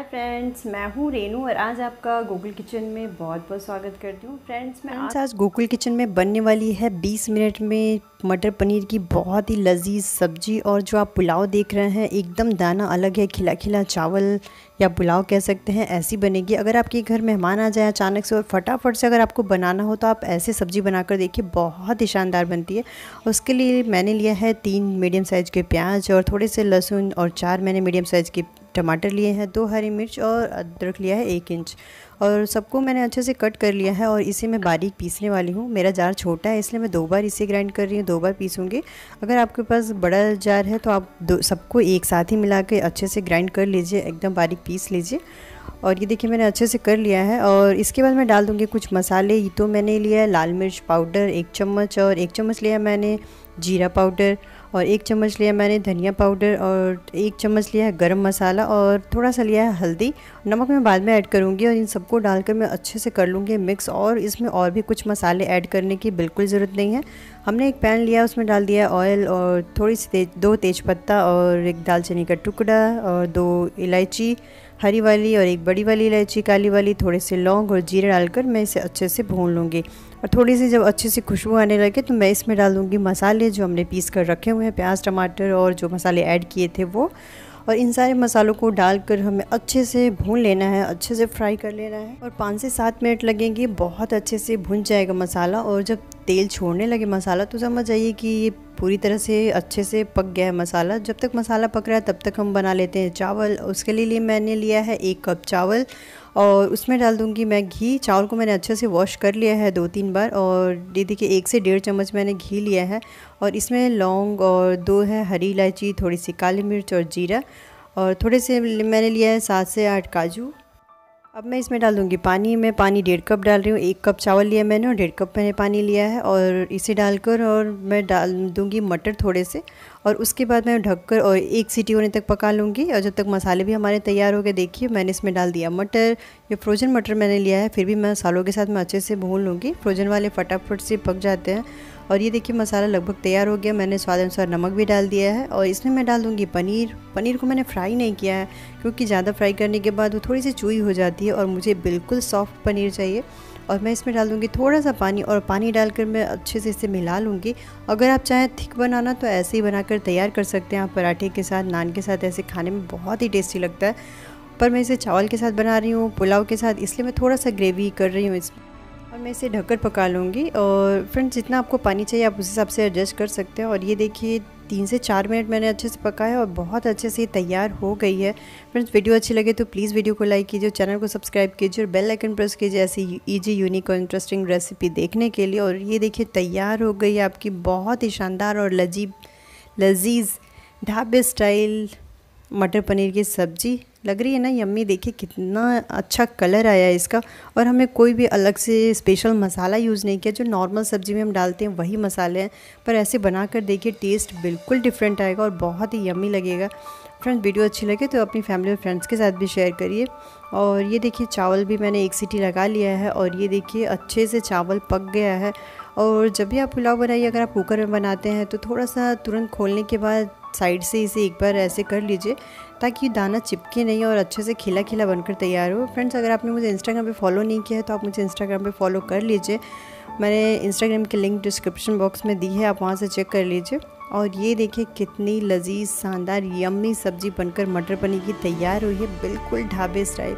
हाय friends मैं हूँ रेनू और आज आपका गूगल किचन में बहुत बहुत स्वागत करती हूँ फ्रेंड्स मैं आज, आज गूगल किचन में बनने वाली है 20 मिनट में मटर पनीर की बहुत ही लजीज सब्जी और जो आप पुलाव देख रहे हैं एकदम दाना अलग है खिला खिला चावल या पुलाव कह सकते हैं ऐसी बनेगी अगर आपके घर मेहमान आ जाए अचानक से और फटाफट से अगर आपको बनाना हो तो आप ऐसे सब्जी बनाकर देखिए बहुत ही शानदार बनती है उसके लिए मैंने लिया है तीन मीडियम साइज़ के प्याज और थोड़े से लहसुन और चार मैंने मीडियम साइज़ के टमाटर लिए हैं दो हरी मिर्च और अदरक लिया है एक इंच और सबको मैंने अच्छे से कट कर लिया है और इसे मैं बारीक पीसने वाली हूँ मेरा जार छोटा है इसलिए मैं दो बार इसे ग्राइंड कर रही हूँ दो बार पीसूँगी अगर आपके पास बड़ा जार है तो आप दो सबको एक साथ ही मिला के अच्छे से ग्राइंड कर लीजिए एकदम बारीक पीस लीजिए और ये देखिए मैंने अच्छे से कर लिया है और इसके बाद मैं डाल दूँगी कुछ मसाले ये तो मैंने लिया है लाल मिर्च पाउडर एक चम्मच और एक चम्मच लिया मैंने जीरा पाउडर और एक चम्मच लिया मैंने धनिया पाउडर और एक चम्मच लिया है गर्म मसाला और थोड़ा सा लिया है हल्दी नमक मैं बाद में ऐड करूँगी और इन सबको डालकर मैं अच्छे से कर लूँगी मिक्स और इसमें और भी कुछ मसाले ऐड करने की बिल्कुल ज़रूरत नहीं है हमने एक पैन लिया उसमें डाल दिया ऑयल और थोड़ी सी तेज दो तेज़ और एक दालचीनी का टुकड़ा और दो इलायची हरी वाली और एक बड़ी वाली इलायची काली वाली थोड़े से लौंग और जीरे डालकर मैं इसे अच्छे से भून लूँगी और थोड़ी सी जब अच्छे से खुशबू आने लगे तो मैं इसमें डालूँगी मसाले जो हमने पीस कर रखे हुए हैं प्याज टमाटर और जो मसाले ऐड किए थे वो और इन सारे मसालों को डालकर हमें अच्छे से भून लेना है अच्छे से फ्राई कर लेना है और पाँच से सात मिनट लगेंगे बहुत अच्छे से भुन जाएगा मसाला और जब तेल छोड़ने लगे मसाला तो समझ जाइए कि ये पूरी तरह से अच्छे से पक गया है मसाला जब तक मसाला पक रहा है तब तक हम बना लेते हैं चावल उसके लिए मैंने लिया है एक कप चावल और उसमें डाल दूँगी मैं घी चावल को मैंने अच्छे से वॉश कर लिया है दो तीन बार और ये देखिए एक से डेढ़ चम्मच मैंने घी लिया है और इसमें लौंग और दो है हरी इलायची थोड़ी सी काली मिर्च और जीरा और थोड़े से मैंने लिया है सात से आठ काजू अब मैं इसमें डाल दूँगी पानी मैं पानी डेढ़ कप डाल रही हूँ एक कप चावल लिया मैंने और डेढ़ कप मैंने पानी लिया है और इसे डालकर और मैं डाल दूँगी मटर थोड़े से और उसके बाद मैं ढककर और एक सीटी होने तक पका लूँगी और जब तक मसाले भी हमारे तैयार हो गए देखिए मैंने इसमें डाल दिया मटर ये फ्रोजन मटर मैंने लिया है फिर भी मैं मसालों के साथ मैं अच्छे से भून लूँगी फ्रोजन वाले फटाफट से पक जाते हैं और ये देखिए मसाला लगभग तैयार हो गया मैंने स्वाद अनुसार नमक भी डाल दिया है और इसमें मैं डाल दूँगी पनीर पनीर को मैंने फ्राई नहीं किया है क्योंकि ज़्यादा फ्राई करने के बाद वो थोड़ी सी चूई हो जाती है और मुझे बिल्कुल सॉफ्ट पनीर चाहिए और मैं इसमें डाल दूँगी थोड़ा सा पानी और पानी डालकर मैं अच्छे से इसे मिला लूँगी अगर आप चाहें थिक बनाना तो ऐसे ही बनाकर तैयार कर सकते हैं आप पराठे के साथ नान के साथ ऐसे खाने में बहुत ही टेस्टी लगता है पर मैं इसे चावल के साथ बना रही हूँ पुलाव के साथ इसलिए मैं थोड़ा सा ग्रेवी कर रही हूँ इसमें और मैं इसे ढककर पका लूँगी और फ्रेंड्स जितना आपको पानी चाहिए आप उस हिसाब से एडजस्ट कर सकते हैं और ये देखिए तीन से चार मिनट मैंने अच्छे से पकाया और बहुत अच्छे से तैयार हो गई है फ्रेंड्स वीडियो अच्छी लगे तो प्लीज़ वीडियो को लाइक कीजिए चैनल को सब्सक्राइब कीजिए और बेल आइकन प्रेस कीजिए ऐसी ईजी यूनिक और इंटरेस्टिंग रेसिपी देखने के लिए और ये देखिए तैयार हो गई है आपकी बहुत ही शानदार और लजीब लजीज ढाबे स्टाइल मटर पनीर की सब्ज़ी लग रही है ना यम्मी देखिए कितना अच्छा कलर आया है इसका और हमें कोई भी अलग से स्पेशल मसाला यूज़ नहीं किया जो नॉर्मल सब्ज़ी में हम डालते हैं वही मसाले हैं पर ऐसे बना कर देखिए टेस्ट बिल्कुल डिफरेंट आएगा और बहुत ही यम्मी लगेगा फ्रेंड्स वीडियो अच्छी लगे तो अपनी फैमिली और फ्रेंड्स के साथ भी शेयर करिए और ये देखिए चावल भी मैंने एक सीटी लगा लिया है और ये देखिए अच्छे से चावल पक गया है और जब भी आप पुलाव बनाइए अगर आप कुकर में बनाते हैं तो थोड़ा सा तुरंत खोलने के बाद साइड से इसे एक बार ऐसे कर लीजिए ताकि दाना चिपके नहीं और अच्छे से खिला खिला बनकर तैयार हो फ्रेंड्स अगर आपने मुझे इंस्टाग्राम पे फॉलो नहीं किया है तो आप मुझे इंस्टाग्राम पे फॉलो कर लीजिए मैंने इंस्टाग्राम की लिंक डिस्क्रिप्शन बॉक्स में दी है आप वहाँ से चेक कर लीजिए और ये देखिए कितनी लजीज शानदार यम्मी सब्ज़ी बनकर मटर पनीर की तैयार हुई है बिल्कुल ढाबे स्टाइल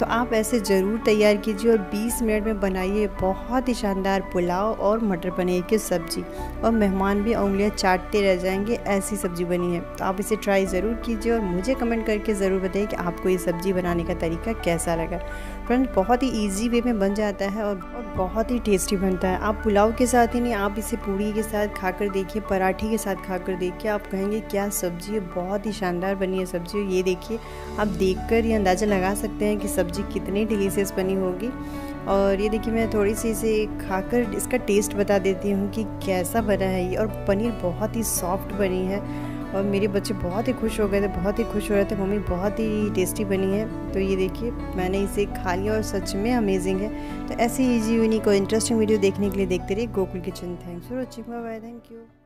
तो आप ऐसे ज़रूर तैयार कीजिए और 20 मिनट में बनाइए बहुत ही शानदार पुलाव और मटर पनीर की सब्ज़ी और मेहमान भी उंगलियाँ चाटते रह जाएंगे ऐसी सब्ज़ी बनी है तो आप इसे ट्राई ज़रूर कीजिए और मुझे कमेंट करके ज़रूर बताइए कि आपको ये सब्ज़ी बनाने का तरीका कैसा लगा फ्रेंड बहुत ही ईजी वे में बन जाता है और बहुत ही टेस्टी बनता है आप पुलाव के साथ ही नहीं आप इसे पूड़ी के साथ खा देखिए पराठी के साथ साथ खा कर देखिए आप कहेंगे क्या सब्ज़ी है बहुत ही शानदार बनी है सब्ज़ी ये देखिए आप देख कर ये अंदाज़ा लगा सकते हैं कि सब्ज़ी कितनी डिलीशियस बनी होगी और ये देखिए मैं थोड़ी सी इसे खाकर इसका टेस्ट बता देती हूँ कि कैसा बना है ये और पनीर बहुत ही सॉफ्ट बनी है और मेरे बच्चे बहुत ही खुश हो गए थे बहुत ही खुश हो रहे थे मम्मी बहुत ही टेस्टी बनी है तो ये देखिए मैंने इसे खा लिया और सच में अमेजिंग है तो ऐसी जी यूनिक और इंटरेस्टिंग वीडियो देखने के लिए देखते रहिए Gokul kitchen thanks for watching bye thank you